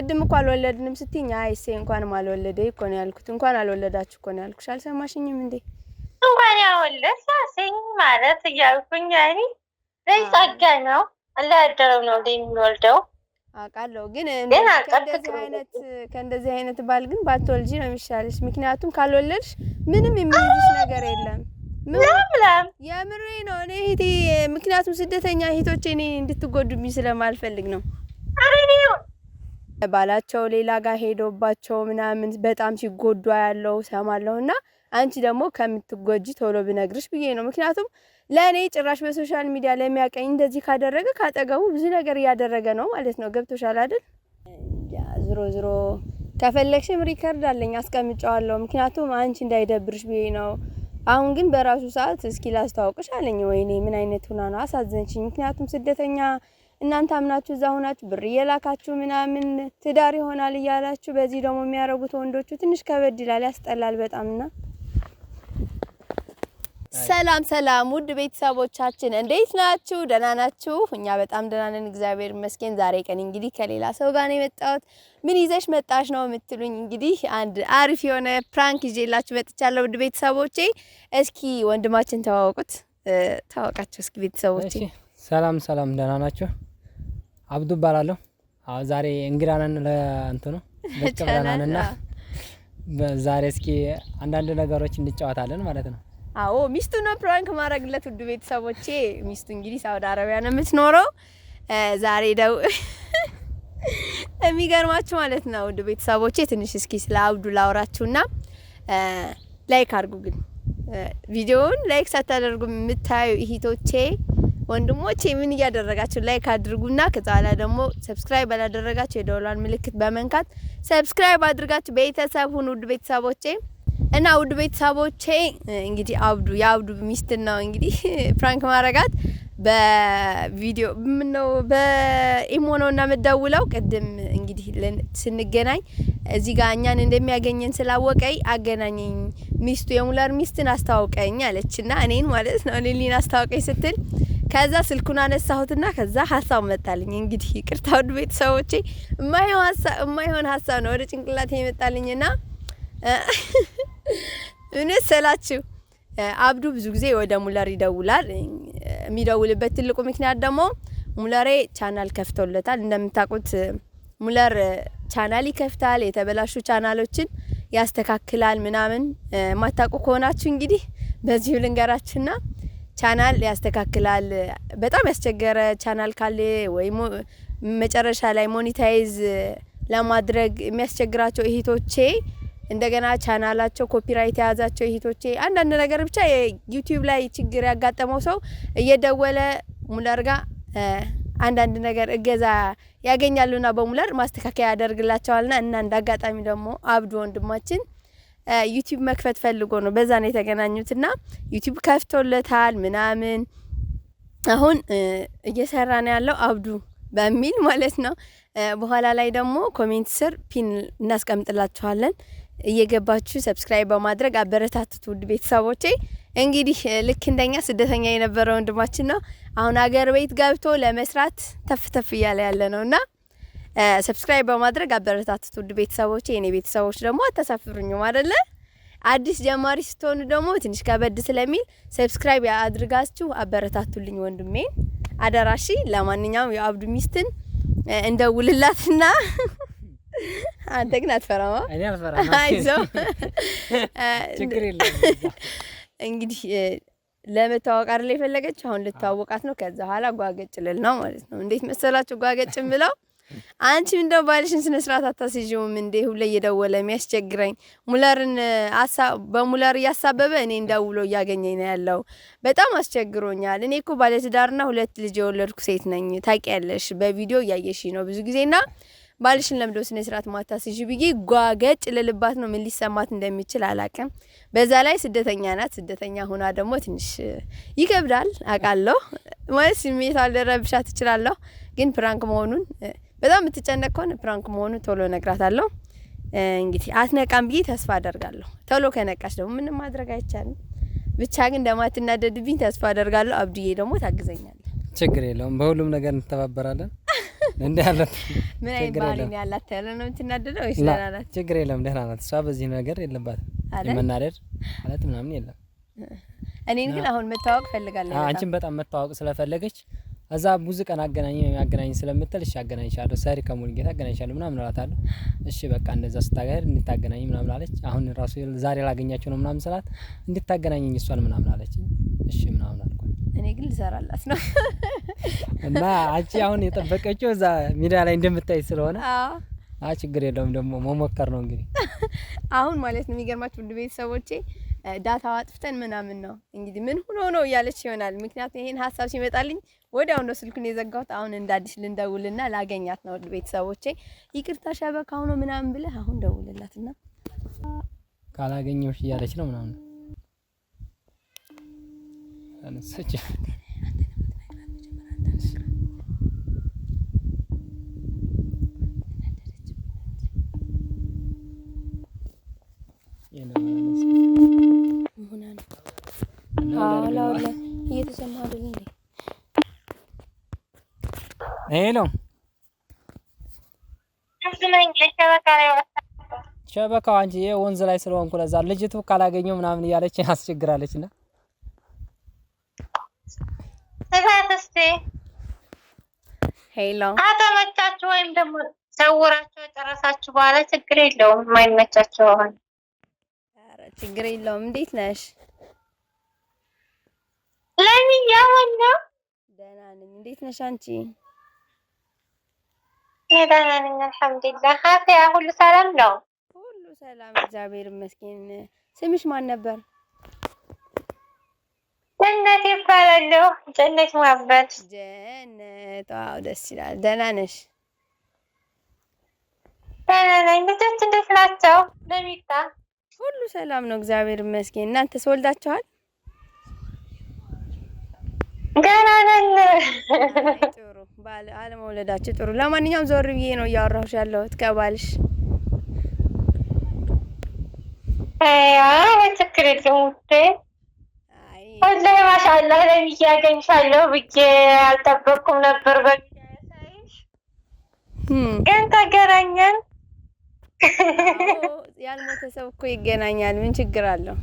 ቅድም እኮ አልወለድንም ስትኝ አይ እሴ እንኳንም አልወለደ እኮ ነው ያልኩት። እንኳን አልወለዳችሁ እኮ ነው ያልኩሽ። አልሰማሽኝም እንዴ? እንኳን ያወለድ ሳሰኝ ማለት እያልኩኝ ያኔ ላይ ጸጋ ነው አላያደረው ነው የሚወልደው አውቃለሁ። ግን ከእንደዚህ አይነት ባል ግን ባትወልጂ ነው የሚሻልሽ። ምክንያቱም ካልወለድሽ ምንም የሚይዝሽ ነገር የለም። የምሬ ነው እኔ እህቴ፣ ምክንያቱም ስደተኛ እህቶቼ እኔ እንድትጎዱብኝ ስለማልፈልግ ነው። ባላቸው ሌላ ጋር ሄዶባቸው ምናምን በጣም ሲጎዱ ያለው ሰማለሁ። እና አንቺ ደግሞ ከምትጎጂ ቶሎ ብነግርሽ ብዬ ነው። ምክንያቱም ለእኔ ጭራሽ በሶሻል ሚዲያ ለሚያቀኝ እንደዚህ ካደረገ ካጠገቡ ብዙ ነገር እያደረገ ነው ማለት ነው። ገብቶሻል አይደል? ዝሮ ዝሮ ከፈለግሽም ሪከርድ አለኝ አስቀምጫዋለሁ። ምክንያቱም አንቺ እንዳይደብርሽ ብዬ ነው። አሁን ግን በራሱ ሰዓት እስኪ ላስታውቅሽ አለኝ። ወይኔ ምን አይነት ሁና ነው አሳዘንችኝ። ምክንያቱም ስደተኛ እናንተ አምናችሁ እዛ ሁናችሁ ብር እየላካችሁ ምናምን ትዳር ይሆናል እያላችሁ በዚህ ደግሞ የሚያረጉት ወንዶቹ ትንሽ ከበድ ይላል፣ ያስጠላል ና ሰላም ሰላም፣ ውድ ቤተሰቦቻችን እንዴት ናችሁ? ደህና ናችሁ? እኛ በጣም ደህና ነን፣ እግዚአብሔር ይመስገን። ዛሬ ቀን እንግዲህ ከሌላ ሰው ጋር ነው የመጣሁት። ምን ይዘሽ መጣሽ ነው የምትሉኝ። እንግዲህ አንድ አሪፍ የሆነ ፕራንክ ይዤላችሁ መጥቻለሁ፣ ውድ ቤተሰቦቼ። እስኪ ወንድማችን ተዋወቁት፣ ታወቃቸው እስኪ ቤተሰቦቼ። ሰላም ሰላም፣ ደህና ናችሁ? አብዱ እባላለሁ። አዎ ዛሬ እንግዳ ነን ለእንትኑ ብቅ ብለናል እና ዛሬ እስኪ አንዳንድ ነገሮች እንጫወታለን ማለት ነው። አዎ ሚስቱ ነው ፕራንክ ማድረግለት። ውድ ቤተሰቦቼ ሚስቱ እንግዲህ ሳውዲ አረቢያ ነው የምትኖረው። ዛሬ ደው የሚገርማችሁ ማለት ነው ውድ ቤተሰቦቼ ትንሽ እስኪ ስለ አብዱ ላውራችሁና ላይክ አድርጉ ግን ቪዲዮውን ላይክ ሳታደርጉ የምታዩ እህቶቼ ወንድሞቼ ምን እያደረጋችሁ ላይክ አድርጉና ከዛ በኋላ ደግሞ ሰብስክራይብ ያላደረጋችሁ የደወሏን ምልክት በመንካት ሰብስክራይብ አድርጋችሁ ቤተሰብ ሁኑ ውድ ቤተሰቦቼ እና ውድ ቤተሰቦቼ እንግዲህ አብዱ የአብዱ ሚስት ነው እንግዲህ ፕራንክ ማረጋት በቪዲዮ ምነው በኢሞ ነው እና የምደውለው። ቅድም እንግዲህ ስንገናኝ እዚህ ጋር እኛን እንደሚያገኘን ስላወቀኝ አገናኘኝ፣ ሚስቱ የሙላር ሚስትን አስታውቀኝ አለች እና እኔን ማለት ነው ሊሊን አስታውቀኝ ስትል ከዛ ስልኩን አነሳሁትና ከዛ ሀሳብ መጣልኝ። እንግዲህ ይቅርታ ውድ ቤተሰቦቼ የማይሆን ሀሳብ ነው ወደ ጭንቅላት የመጣልኝና እውነት ስላችሁ አብዱ ብዙ ጊዜ ወደ ሙለር ይደውላል። የሚደውልበት ትልቁ ምክንያት ደግሞ ሙለሬ ቻናል ከፍቶለታል። እንደምታውቁት ሙለር ቻናል ይከፍታል፣ የተበላሹ ቻናሎችን ያስተካክላል ምናምን። ማታውቁ ከሆናችሁ እንግዲህ በዚሁ ልንገራችሁና ቻናል ያስተካክላል። በጣም ያስቸገረ ቻናል ካለ ወይ መጨረሻ ላይ ሞኒታይዝ ለማድረግ የሚያስቸግራቸው እህቶቼ እንደገና ቻናላቸው ኮፒራይት የያዛቸው እህቶቼ፣ አንዳንድ ነገር ብቻ ዩቲዩብ ላይ ችግር ያጋጠመው ሰው እየደወለ ሙለር አንዳንድ ነገር እገዛ ያገኛሉና በሙለር ማስተካከያ ያደርግላቸዋልና እና እንደ አጋጣሚ ደግሞ አብዱ ወንድማችን ዩቲዩብ መክፈት ፈልጎ ነው። በዛ ነው የተገናኙት እና ዩቲዩብ ከፍቶለታል ምናምን አሁን እየሰራ ነው ያለው አብዱ በሚል ማለት ነው። በኋላ ላይ ደግሞ ኮሜንት ስር ፒን እናስቀምጥላችኋለን እየገባችሁ ሰብስክራይብ በማድረግ አበረታቱት ውድ ቤተሰቦቼ። እንግዲህ ልክ እንደኛ ስደተኛ የነበረ ወንድማችን ነው አሁን አገር ቤት ገብቶ ለመስራት ተፍ ተፍ እያለ ያለ ነው እና ሰብስክራይብ በማድረግ አበረታቱት ውድ ቤተሰቦች፣ የኔ ቤተሰቦች ደግሞ አታሳፍሩኝም አደለ? አዲስ ጀማሪ ስትሆኑ ደግሞ ትንሽ ከበድ ስለሚል ሰብስክራይብ አድርጋችሁ አበረታቱልኝ ወንድሜ አደራሺ። ለማንኛውም የአብዱ ሚስትን እንደ ውልላትና አንተ ግን አትፈራማ። እንግዲህ ለመታወቅ አይደል የፈለገች አሁን ልታወቃት ነው። ከዛ በኋላ ጓገጭ ልል ነው ማለት ነው። እንዴት መሰላችሁ ጓገጭ ብለው አንቺም እንደው ባልሽን ስነ ስርዓት አታስይዥውም እንዴ? ሁሌ እየደወለ የሚያስቸግረኝ ሙለርን በሙለር እያሳበበ እኔ እንዳውሎ እያገኘኝ ነው ያለው። በጣም አስቸግሮኛል። እኔ እኮ ባለትዳርና ሁለት ልጅ የወለድኩ ሴት ነኝ። ታውቂያለሽ፣ በቪዲዮ እያየሽ ነው ብዙ ጊዜና ባልሽን ለምዶ ስነ ስርዓት ማታስይዥ ብዬ ጓገጭ ልልባት ነው። ምን ሊሰማት እንደሚችል አላቅም። በዛ ላይ ስደተኛ ናት። ስደተኛ ሆና ደግሞ ትንሽ ይከብዳል አውቃለሁ። ማለት ስሜት አልደረብሻ ትችላለሁ፣ ግን ፕራንክ መሆኑን በጣም የምትጨነቅ ከሆነ ፕራንክ መሆኑ ቶሎ እነግራታለሁ። እንግዲህ አትነቃም ብዬ ተስፋ አደርጋለሁ። ቶሎ ከነቃች ደግሞ ምንም ማድረግ አይቻልም። ብቻ ግን እንደማትናደድብኝ ተስፋ አደርጋለሁ። አብዱዬ ደግሞ ታግዘኛለህ። ችግር የለውም። በሁሉም ነገር እንተባበራለን። እንደ ያለት ምን አይነት ባህሪ ያላት ያለ ነው የምትናደደው? ወይስ ደህና ናት? ችግር የለም ደህና ናት። እሷ በዚህ ነገር የለባትም የመናደድ ማለት ምናምን የለም። እኔን ግን አሁን መታወቅ ፈልጋለሁ። አንቺን በጣም መታወቅ ስለፈለገች እዛ ብዙ ቀን አገናኝ አገናኝ ስለምትል እሺ አገናኝሻለሁ፣ ሰሪ ከሙሉጌታ አገናኝሻለሁ ምናምን እላታለሁ። እሺ በቃ እንደዛ ስታገር እንድታገናኝ ምናምን አለች። አሁን ራሱ ዛሬ ላገኛቸው ነው ምናምን ስላት እንድታገናኘኝ እሷን ምናምን አለች። እሺ ምናምን አልኩ እኔ ግን ልሰራላት ነው እና አንቺ አሁን የጠበቀችው እዛ ሚዲያ ላይ እንደምታይ ስለሆነ አ ችግር የለውም ደግሞ መሞከር ነው እንግዲህ አሁን ማለት ነው የሚገርማችሁ ውድ ቤተሰቦቼ ዳታ አጥፍተን ምናምን ነው እንግዲህ ምን ሆኖ ነው እያለች ይሆናል። ምክንያቱም ይሄን ሀሳብ ሲመጣልኝ ወዲያው ነው ስልኩን የዘጋሁት። አሁን እንደ አዲስ ልንደውልና ላገኛት ነው። ቤተሰቦቼ ይቅርታ ሸበካ ሆኖ ምናምን ብለህ አሁን ደውልላትና ካላገኘሁሽ እያለች ነው ምናምን አነሳች። ሄሎ ሸበካው አንቺ ይሄ ወንዝ ላይ ስለሆንኩ ለዛ ልጅቱ ካላገኘው ምናምን እያለች አስቸግራለች። እና ሄሎ ከተመቻችሁ ወይም ደግሞ ሰውራችሁ የጨረሳችሁ በኋላ ችግር የለውም። የማይመቻችሁ አሁን ችግር የለውም። እንዴት ነሽ? ለምን ያው ነው። ደህና ነኝ። እንዴት ነሽ አንቺ? ደህና ነኝ አልሐምዱሊላህ። ሁሉ ሰላም ነው? ሁሉ ሰላም እግዚአብሔር ይመስገን። ስምሽ ማን ነበር? ጀነት ይባላለሁ። ጀነት መሀመድ። ጀነት ዋው፣ ደስ ይላል። ደህና ነሽ? ደህና ነኝ። ልጆች እንዴት ናቸው? ለሚታ ሁሉ ሰላም ነው እግዚአብሔር ይመስገን። እናንተ ወልዳችኋል? ገና ነን። ባል ጥሩ። ለማንኛውም ዞር ብዬ ነው እያወራሁሽ ያለሁት ከባልሽ። አይ ማሻአላህ ለሚያ ያገኝሻለሁ ብዬ አልጠበቅኩም ነበር። ግን ተገናኘን። ያልሞተ ሰው እኮ ይገናኛል። ምን ችግር አለው?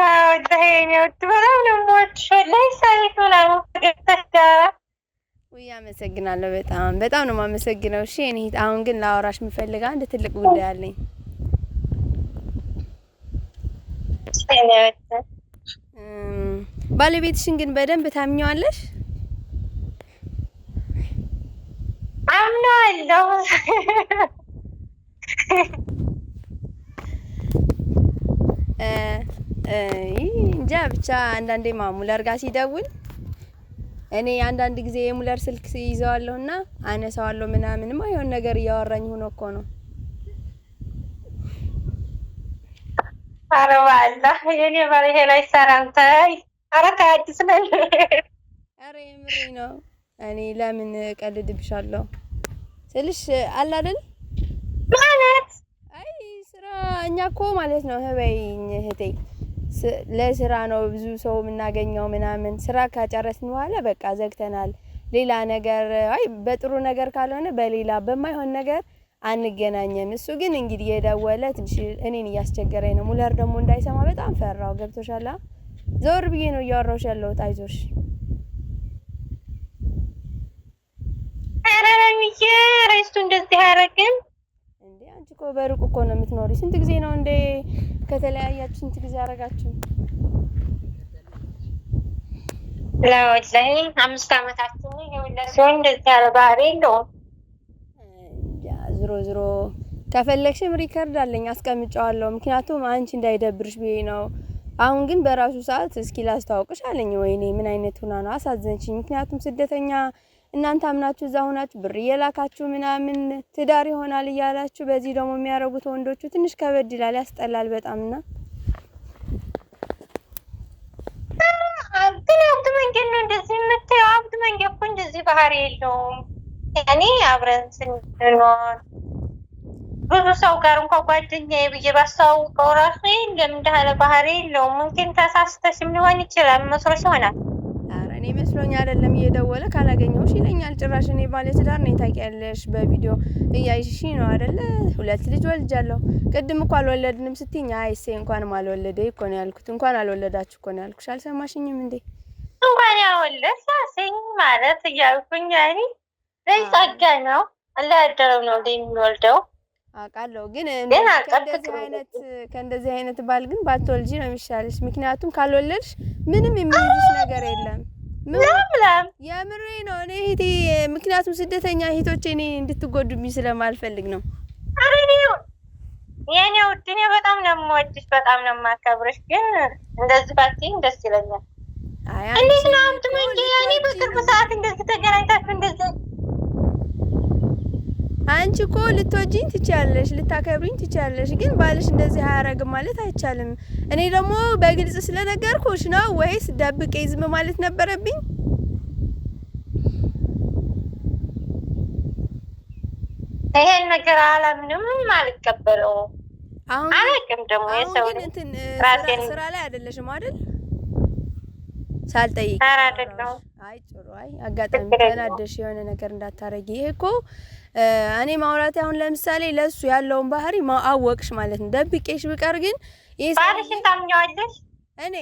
በጣም ነው የምወድሽ ወላሂ ሳይት ምናምን ጋር ውይ አመሰግናለሁ። በጣም በጣም ነው የማመሰግነው። እሺ እኔ አሁን ግን ላወራሽ የምፈልግ አንድ ትልቅ ጉዳይ አለኝ። ባለቤትሽን ግን በደንብ ታምኘዋለሽ? አምነዋለሁ። እንጃ ብቻ አንዳንዴ ማሙ ለእርጋ ሲደውል እኔ አንዳንድ ጊዜ የሙለር ስልክ ይዘዋለሁ እና አነሳዋለሁ ምናምንማ የሆነ ነገር እያወራኝ ሆኖ እኮ ነው። ኧረ በአላህ የኔ በርሄ ላይ ሰራምታይ ኧረ ከአዲስ ነ ኧረ የምሬ ነው። እኔ ለምን ቀልድብሻለሁ ስልሽ አላደል ማለት አይ ስራ እኛ እኮ ማለት ነው ህበይኝ እህቴ ለስራ ነው ብዙ ሰው የምናገኘው ምናምን። ስራ ካጨረስን በኋላ በቃ ዘግተናል። ሌላ ነገር አይ በጥሩ ነገር ካልሆነ በሌላ በማይሆን ነገር አንገናኘም። እሱ ግን እንግዲህ የደወለ ትንሽ እኔን እያስቸገረኝ ነው። ሙለር ደግሞ እንዳይሰማ በጣም ፈራው። ገብቶሻላ? ዞር ብዬ ነው እያወራሁሽ ያለሁት። አይዞሽ ረሚዬ። ሬስቱ እንደዚህ አያረግም እንዴ? አንቺ እኮ በሩቅ እኮ ነው የምትኖሪ። ስንት ጊዜ ነው እንዴ ከተለያያችሁ ስንት ጊዜ አደረጋችሁ? ላይ አምስት ዓመታችን ሲሆን እንደዚህ ያለ ባህሪ የለውም። ዝሮ ዝሮ ከፈለግሽም ሪከርድ አለኝ አስቀምጫዋለሁ። ምክንያቱም አንቺ እንዳይደብርሽ ብዬ ነው። አሁን ግን በራሱ ሰዓት እስኪ ላስተዋውቅሽ አለኝ። ወይኔ ምን አይነት ሁና ነው አሳዘንሽኝ። ምክንያቱም ስደተኛ እናንተ አምናችሁ እዛ ሆናችሁ ብር እየላካችሁ ምናምን ትዳር ይሆናል እያላችሁ በዚህ ደግሞ የሚያደርጉት ወንዶቹ ትንሽ ከበድ ይላል፣ ያስጠላል በጣምና ግን አብዱ መንገድ ነው እንደዚህ የምታየው። አብዱ መንገድ እኮ እንደዚህ ባህሪ የለውም። እኔ አብረን ስንኖር ብዙ ሰው ጋር እንኳ ጓደኛ ብዬ ባስተዋውቀው ራሱ ለምን እንደሆነ ባህሪ የለውም። ግን ተሳስተሽም ሊሆን ይችላል መስሎሽ ይሆናል እኔ መስሎኝ አይደለም እየደወለ ካላገኘሁሽ ይለኛል። ጭራሽ እኔ ባለ ትዳር ነኝ ታውቂያለሽ፣ በቪዲዮ እያይሽ ነው አይደለ? ሁለት ልጅ ወልጃለሁ። ቅድም እኮ አልወለድንም ስትኝ አይሴ እንኳንም አልወለደ እኮ ነው ያልኩት። እንኳን አልወለዳችሁ እኮ ነው ያልኩሽ። አልሰማሽኝም እንዴ? እንኳን ያወለድ ሳሴኝ ማለት እያልኩኝ ያኔ ላይ ነው አላያደረው ነው የሚወልደው አውቃለሁ ግን ከእንደዚህ አይነት ባል ግን ባትወልጂ ነው የሚሻልሽ። ምክንያቱም ካልወለድሽ ምንም የሚልሽ ነገር የለም። ለምለም የምሬ ነው። እኔ እህቴ ምክንያቱም ስደተኛ እህቶቼ እኔ እንድትጎዱብኝ ስለማልፈልግ ነው። የኔ ውድ እኔ በጣም ነው የምወድሽ፣ በጣም ነው የማከብርሽ። ግን እንደዚህ ባትይኝ ደስ ይለኛል። እንዴት ነው አምት መንጌ እኔ በቅርብ ሰዓት እንደዚህ ተገናኝታችሁ እንደዚህ አንቺ እኮ ልትወጂኝ ትችያለሽ፣ ልታከብሪኝ ትችያለሽ፣ ግን ባልሽ እንደዚህ አያረግም ማለት አይቻልም። እኔ ደግሞ በግልጽ ስለነገርኩሽ ነው ወይስ ደብቄ ዝም ማለት ነበረብኝ? ይሄን ነገር አላምንም፣ አልቀበለውም። አላቅም ደግሞ የሰው ስራ ላይ አይደለሽም አይደል? ሳልጠይቅ አይ ጥሩ። አይ አጋጣሚ ተናደሽ የሆነ ነገር እንዳታረጊ። ይሄ እኮ እኔ ማውራት አሁን ለምሳሌ ለሱ ያለውን ባህሪ አወቅሽ ማለት ነው። ደብቄሽ ብቀር ግን ባህሪሽን ታምኛዋለሽ። እኔ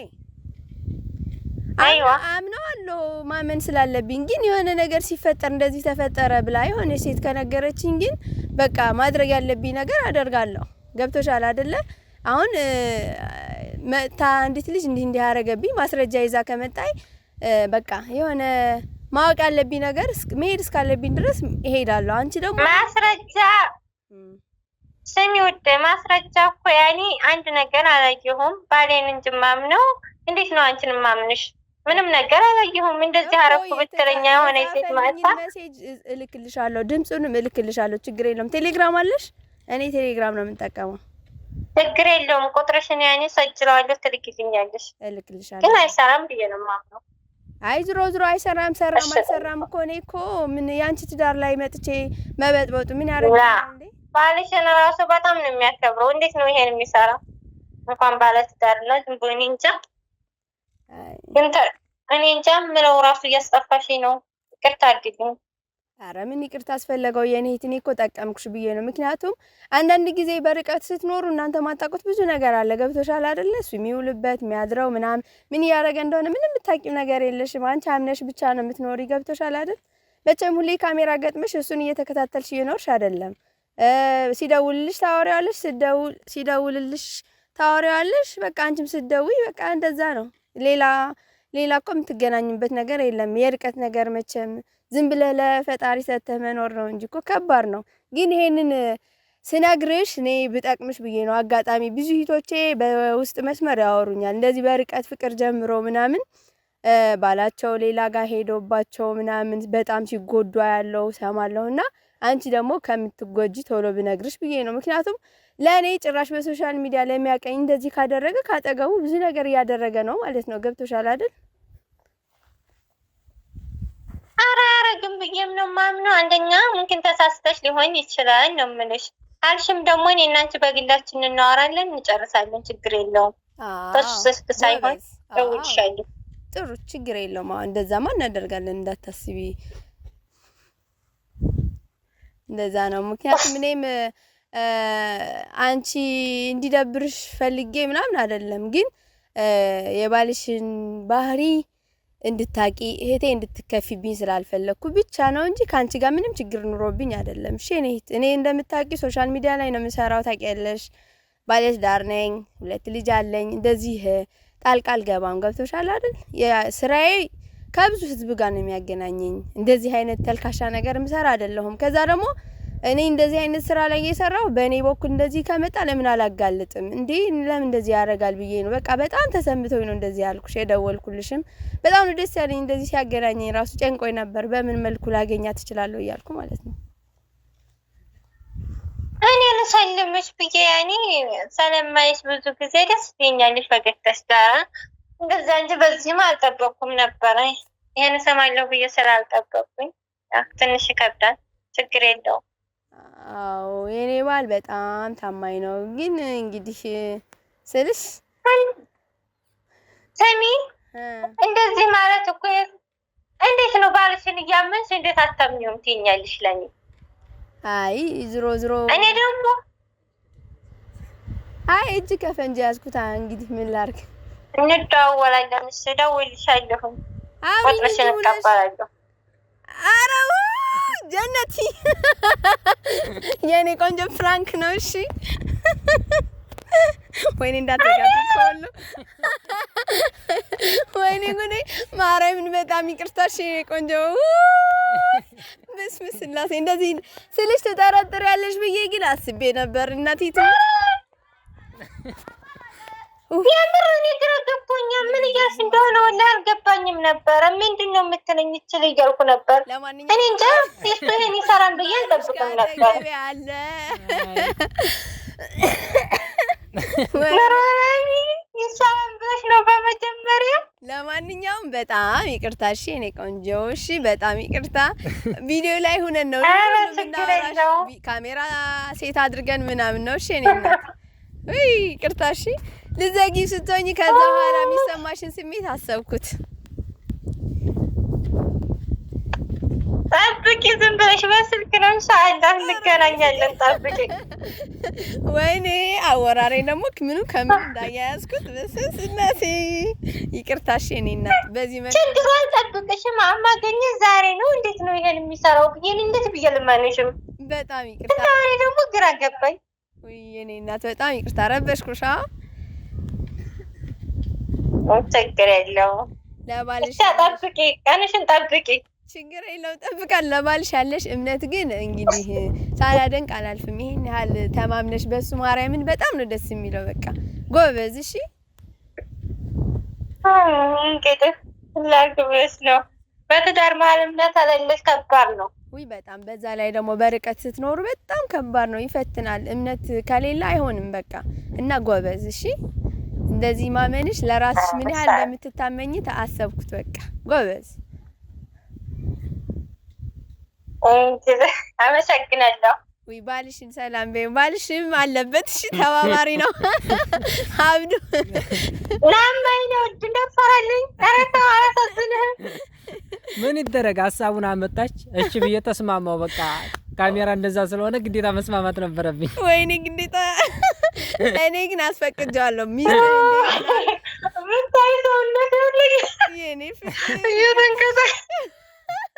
አምነዋለሁ ማመን ስላለብኝ፣ ግን የሆነ ነገር ሲፈጠር እንደዚህ ተፈጠረ ብላ የሆነ ሴት ከነገረችኝ ግን በቃ ማድረግ ያለብኝ ነገር አደርጋለሁ። ገብቶሻል አይደለ? አሁን መታ አንዲት ልጅ እንዲህ እንዲህ አደረገብኝ ማስረጃ ይዛ ከመጣይ በቃ የሆነ ማወቅ ያለብኝ ነገር መሄድ እስካለብኝ ድረስ እሄዳለሁ። አንቺ ደግሞ ማስረጃ ስሚ ውድ ማስረጃ እኮ ያኔ አንድ ነገር አላየሁም ባሌን እንጂ ማምነው እንዴት ነው አንቺን ማምንሽ? ምንም ነገር አላየሁም። እንደዚህ አረኩ ብትለኛ የሆነ ሴት ማታ ሜሴጅ እልክልሻለሁ፣ ድምፁንም እልክልሻለሁ። ችግር የለውም። ቴሌግራም አለሽ? እኔ ቴሌግራም ነው የምንጠቀመው። ችግር የለውም። ቁጥርሽን ያኔ ሰጅለዋለሁ፣ ትልክልኛለሽ። እልክልሻለሁ ግን አይሰራም ብዬ ነው ማምነው አይ ዝሮ ዝሮ አይሰራም። ሰራም አልሰራም እኮ እኔ እኮ ምን የአንቺ ትዳር ላይ መጥቼ መበጥበጡ ምን ያደርጋል እንዴ? ባልሽን ራሱ በጣም ነው የሚያከብረው። እንዴት ነው ይሄን የሚሰራ እንኳን ባለ ትዳር ነው ዝም ብሎ እኔ እንጃ። ግን እኔ እንጃ ምለው ራሱ እያስጠፋሽ ነው። ይቅርታ አድርጊኝ። አረ ምን ይቅርታ አስፈለገው? የኔ እህቴ እኮ ጠቀምኩሽ ብዬ ነው። ምክንያቱም አንዳንድ ጊዜ በርቀት ስትኖሩ እናንተ ማታውቁት ብዙ ነገር አለ። ገብቶሻል አይደለ? እሱ የሚውልበት የሚያድረው ምናምን ምን እያደረገ እንደሆነ ምንም የምታውቂው ነገር የለሽም። አንቺ አምነሽ ብቻ ነው የምትኖሪ። ገብቶሻል አይደል? መቼም ሁሌ ካሜራ ገጥመሽ እሱን እየተከታተልሽ እየኖርሽ አይደለም። ሲደውልልሽ ታወሪዋለሽ፣ ሲደውልልሽ ታወሪዋለሽ። በቃ አንቺም ስትደውይ በቃ እንደዛ ነው። ሌላ ሌላ እኮ የምትገናኙበት ነገር የለም። የርቀት ነገር መቼም ዝም ብለህ ለፈጣሪ መኖር ነው እንጂ እኮ ከባድ ነው። ግን ይሄንን ስነግርሽ እኔ ብጠቅምሽ ብዬ ነው። አጋጣሚ ብዙ ሂቶቼ በውስጥ መስመር ያወሩኛል እንደዚህ በርቀት ፍቅር ጀምሮ ምናምን ባላቸው ሌላ ጋር ሄዶባቸው ምናምን በጣም ሲጎዷ ያለው ሰማለሁ። እና አንቺ ደግሞ ከምትጎጂ ቶሎ ብነግርሽ ብዬ ነው። ምክንያቱም ለእኔ ጭራሽ በሶሻል ሚዲያ ለሚያቀኝ እንደዚህ ካደረገ ካጠገቡ ብዙ ነገር እያደረገ ነው ማለት ነው። ገብቶሻል አይደል? አረ አረግም ብዬም ነው ማምነው። አንደኛ ምምክን ተሳስተሽ ሊሆን ይችላል ነው ምልሽ። አልሽም ደግሞ እኔ እና በግላችን እናወራለን እንጨርሳለን። ችግር የለውም በሱስስክ ሳይሆን ደውልሻለሁ። ጥሩ ችግር የለውም። እንደዛማ እናደርጋለን እንዳታስቢ። እንደዛ ነው ምክንያቱም እኔም አንቺ እንዲደብርሽ ፈልጌ ምናምን አይደለም፣ ግን የባልሽን ባህሪ እንድታቂ እህቴ እንድትከፊብኝ ስላልፈለግኩ ብቻ ነው እንጂ ከአንቺ ጋር ምንም ችግር ኑሮብኝ አይደለም። እሺ እኔ እኔ እንደምታቂ ሶሻል ሚዲያ ላይ ነው የምሰራው፣ ታውቂያለሽ። ዳር ነኝ፣ ሁለት ልጅ አለኝ። እንደዚህ ጣልቃ አልገባም። ገብቶሻል አይደል? ስራዬ ከብዙ ህዝብ ጋር ነው የሚያገናኘኝ። እንደዚህ አይነት ተልካሻ ነገር ምሰራ አይደለሁም። ከዛ ደግሞ እኔ እንደዚህ አይነት ስራ ላይ እየሰራው በእኔ በኩል እንደዚህ ከመጣ ለምን አላጋልጥም እንዴ? ለምን እንደዚህ ያደርጋል ብዬ ነው። በቃ በጣም ተሰምቶኝ ነው እንደዚህ ያልኩሽ የደወልኩልሽም። በጣም ነው ደስ ያለኝ። እንደዚህ ሲያገናኘኝ ራሱ ጨንቆኝ ነበር፣ በምን መልኩ ላገኛት እችላለሁ እያልኩ ማለት ነው። እኔ ልሳልምሽ ብዬ ያኔ ሰለማይሽ ብዙ ጊዜ ደስ ይለኛልሽ ፈገግታሽ ጋራ እንደዛ እንጂ በዚህም አልጠበቅኩም ነበረ። ይህን ሰማለሁ ብዬ ስራ አልጠበቅኩኝ። ትንሽ ይከብዳል። ችግር የለውም። አዎ የኔ ባል በጣም ታማኝ ነው። ግን እንግዲህ ስልሽ ስሚ፣ እንደዚህ ማለት እኮ እንዴት ነው ባልሽን እያመንሽ እንዴት አታምኚውም ትይኛለሽ? ለኔ አይ ዝሮ ዝሮ እኔ ደግሞ አይ እጅ ከፈንጂ ያዝኩታ። እንግዲህ ምን ላድርግ? እንደዋወላለን። እደውልልሻለሁ። ወጥመሽን እቀበላለሁ። አረው ጀነቲ የእኔ ቆንጆ ፍራንክ ነው። እሺ ወይኔ እንዳትጋብኝ ከሁሉ ወይኔ ጉዴ ማርያምን በጣም ይቅርታ። እሺ ቆንጆ በስመ ስላሴ እንደዚህ ስልሽ ትጠረጥሪያለሽ ብዬ ግን አስቤ ነበር እናቴ የምር እኔ ግራ ገብቶኛል። ምን እያልሽ እንደሆነ ወላሂ አልገባኝም ነበረ። ምንድን ነው የምትለኝ ይችል እያልኩ ነበር። እኔ እንጃ ሴቱ ይሄን ይሰራል ብዬ አልጠብቅም ነበር። ኖርማሊ ይሰራል ብለሽ ነው በመጀመሪያ ለማንኛውም በጣም ይቅርታ እሺ፣ እኔ ቆንጆ እሺ፣ በጣም ይቅርታ። ቪዲዮ ላይ ሁነን ነው ካሜራ ሴት አድርገን ምናምን ነው እሺ፣ እኔ ይቅርታ እሺ። ልዘጊ ስትሆኝ ከዛ በኋላ የሚሰማሽን ስሜት አሰብኩት። ጠብቂ፣ ዝም ብለሽ በስልክ ነው ሰአላ እንገናኛለን። ጠብቂ። ወይኔ አወራሬ ደግሞ ምኑ ከምን እንዳያያዝኩት ብስስ ይቅርታሽ። እኔ እናት በዚህ መ ችግሮ አልጠብቅሽ ማማገኘ ዛሬ ነው። እንዴት ነው ይሄን የሚሰራው ብዬ እንዴት ብዬ ልመንሽም። በጣም ይቅርታ። ዛሬ ደግሞ ግራ ገባኝ። ውይ እኔ እናት በጣም ይቅርታ ረበሽኩሻ። ችግር የለውም። ለባልሽ ጠብቂ፣ ቀንሽን ጠብቂ። ችግር የለውም ጠብቃል። ለባልሽ ያለሽ እምነት ግን እንግዲህ ሳላደንቅ አላልፍም። ይሄን ያህል ተማምነሽ በሱ ማርያምን በጣም ነው ደስ የሚለው። በቃ ጎበዝ። እሺ እንግዲህ ላግብስ ነው። በትዳር መሀል እምነት አለለሽ ከባድ ነው። ውይ በጣም በዛ ላይ ደግሞ በርቀት ስትኖሩ በጣም ከባድ ነው፣ ይፈትናል። እምነት ከሌለ አይሆንም። በቃ እና ጎበዝ እሺ እንደዚህ ማመንሽ ለራስሽ ምን ያህል እንደምትታመኝ ተአሰብኩት። በቃ ጎበዝ፣ አመሰግናለሁ። ወይ ባልሽን ሰላም በይ። ባልሽም አለበት። እሺ፣ ተባባሪ ነው አብዱ። ናማኝ ነው እጅ እንደፈራልኝ። ኧረ ተው አላሳዝንህም። ምን ይደረግ፣ ሀሳቡን አመጣች። እሺ ብዬ ተስማማው። በቃ ካሜራ እንደዛ ስለሆነ ግዴታ መስማማት ነበረብኝ። ወይኔ ግዴታ እኔ ግን አስፈቅጃለሁ። ሚስት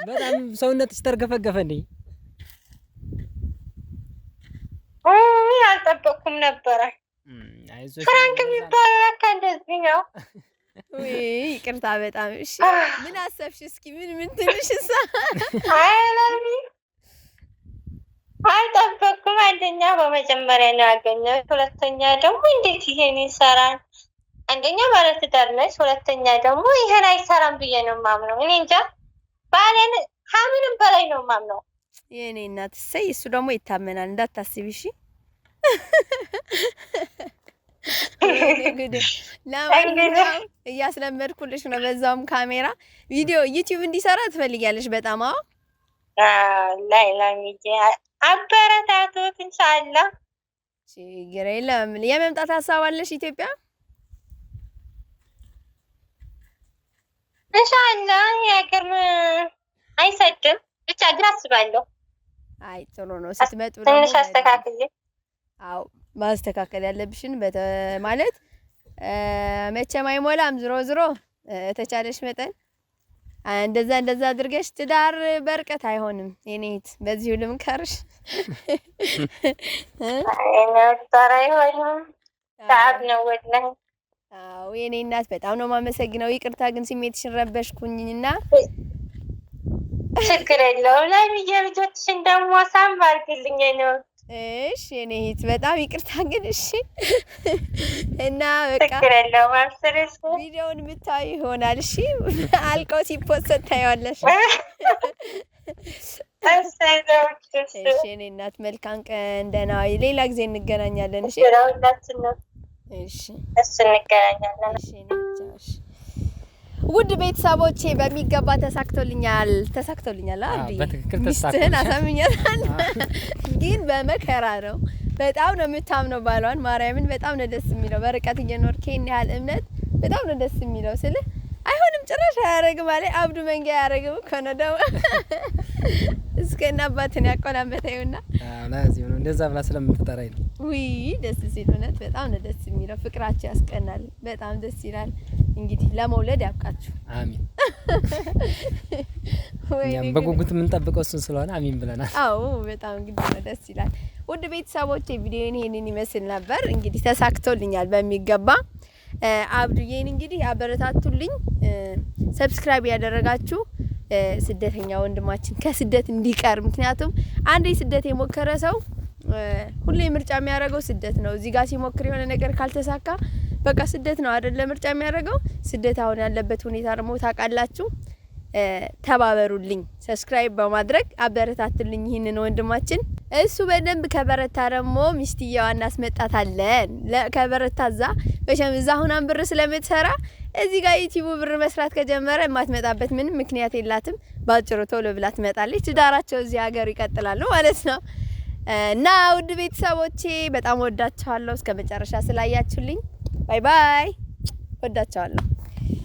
በጣም ሰውነት ስተርገፈገፈ እንዴ! አልጠበቅኩም ነበረ። ፍራንክ የሚባለው ለካ እንደዚህ ነው። ይቅርታ በጣም እሺ። ምን አሰብሽ? እስኪ ምን ምን ትንሽ ሳ አልጠበኩም። አንደኛ በመጀመሪያ ነው ያገኘው። ሁለተኛ ደግሞ እንዴት ይሄን ይሰራል? አንደኛ ባለትዳር ነች፣ ሁለተኛ ደግሞ ይሄን አይሰራም ብዬ ነው ማምነው። እኔ እንጃ ባሌን ከምንም በላይ ነው ማምነው። የእኔ እናት ሰይ፣ እሱ ደግሞ ይታመናል እንዳታስቢ እሺ። እያስለመድኩልሽ ነው። በዛውም ካሜራ ቪዲዮ ዩቲዩብ እንዲሰራ ትፈልጊያለሽ በጣም አዎ አበረታቱት። እንሻላ ችግር የለም። የመምጣት ሀሳብ አለሽ ኢትዮጵያ? እንሻላ የሀገር አይሰድም ብቻ ግን አስባለሁ። አይ ጥሩ ነው። ስትመጡ ትንሽ አዎ ማስተካከል ያለብሽን ማለት መቼም አይሞላም። ዝሮ ዝሮ ተቻለሽ መጠን እንደዛ እንደዛ አድርገሽ ትዳር በርቀት አይሆንም። የኔት ሁሉም ከርሽ አዎ የኔ እናት በጣም ነው ማመሰግነው። ይቅርታ ግን ስሜትሽን ረበሽኩኝና ችግር የለውም ላይ ልጆችሽን ደግሞ ሳም አድርግልኝ ነው እሺ የኔ እህት በጣም ይቅርታ ግን እሺ። እና በቃ ቪዲዮውን የምታዩ ይሆናል። እሺ አልቀው ሲፖስት ታየዋለሽ። እሺ የኔ እናት መልካም ቀን፣ ደህና ዋይ። ሌላ ጊዜ እንገናኛለን። እሺ እሺ እንገናኛለን። ውድ ቤተሰቦቼ በሚገባ ተሳክቶልኛል፣ ተሳክቶልኛል። አዲ ሚስትህን አሳምኛል፣ ግን በመከራ ነው። በጣም ነው የምታምነው ባሏን። ማርያምን በጣም ነው ደስ የሚለው። በርቀት እየኖር ይህን ያህል እምነት በጣም ነው ደስ የሚለው ስልህ ጭራሽ አያረግም አለ አብዱ መንጌ አያረግም እኮ ነው ደግሞ እስከ እና አባትን ያቆላመተ ይሁና ላዚ ነው እንደዛ ብላ ስለምትጠራኝ ነው። ውይ ደስ ሲል እውነት በጣም ነው ደስ የሚለው። ፍቅራችሁ ያስቀናል። በጣም ደስ ይላል። እንግዲህ ለመውለድ ያብቃችሁ። አሚን። በጉጉት የምንጠብቀው እሱን ስለሆነ አሚን ብለናል። አዎ በጣም እንግዲህ ነው ደስ ይላል። ውድ ቤተሰቦቼ ቪዲዮን ይሄንን ይመስል ነበር። እንግዲህ ተሳክቶልኛል በሚገባ አብዱዬን እንግዲህ አበረታቱልኝ። ሰብስክራይብ ያደረጋችሁ ስደተኛ ወንድማችን ከስደት እንዲቀር፣ ምክንያቱም አንዴ ስደት የሞከረ ሰው ሁሌ ምርጫ የሚያደርገው ስደት ነው። እዚህ ጋር ሲሞክር የሆነ ነገር ካልተሳካ በቃ ስደት ነው አይደል? ምርጫ የሚያደርገው ስደት። አሁን ያለበት ሁኔታ ደግሞ ታውቃላችሁ። ተባበሩልኝ፣ ሰብስክራይብ በማድረግ አበረታቱልኝ ይህንን ወንድማችን እሱ በደንብ ከበረታ ደግሞ ሚስትየዋን እናስመጣታለን። ከበረታ እዛ መቼም እዛ አሁናን ብር ስለምትሰራ እዚህ ጋር ዩቲቡ ብር መስራት ከጀመረ የማትመጣበት ምንም ምክንያት የላትም። ባጭሩ ቶሎ ብላ ትመጣለች። ትዳራቸው እዚህ ሀገር ይቀጥላሉ ማለት ነው። እና ውድ ቤተሰቦቼ በጣም ወዳችኋለሁ። እስከ መጨረሻ ስላያችሁልኝ ባይ ባይ። ወዳችኋለሁ።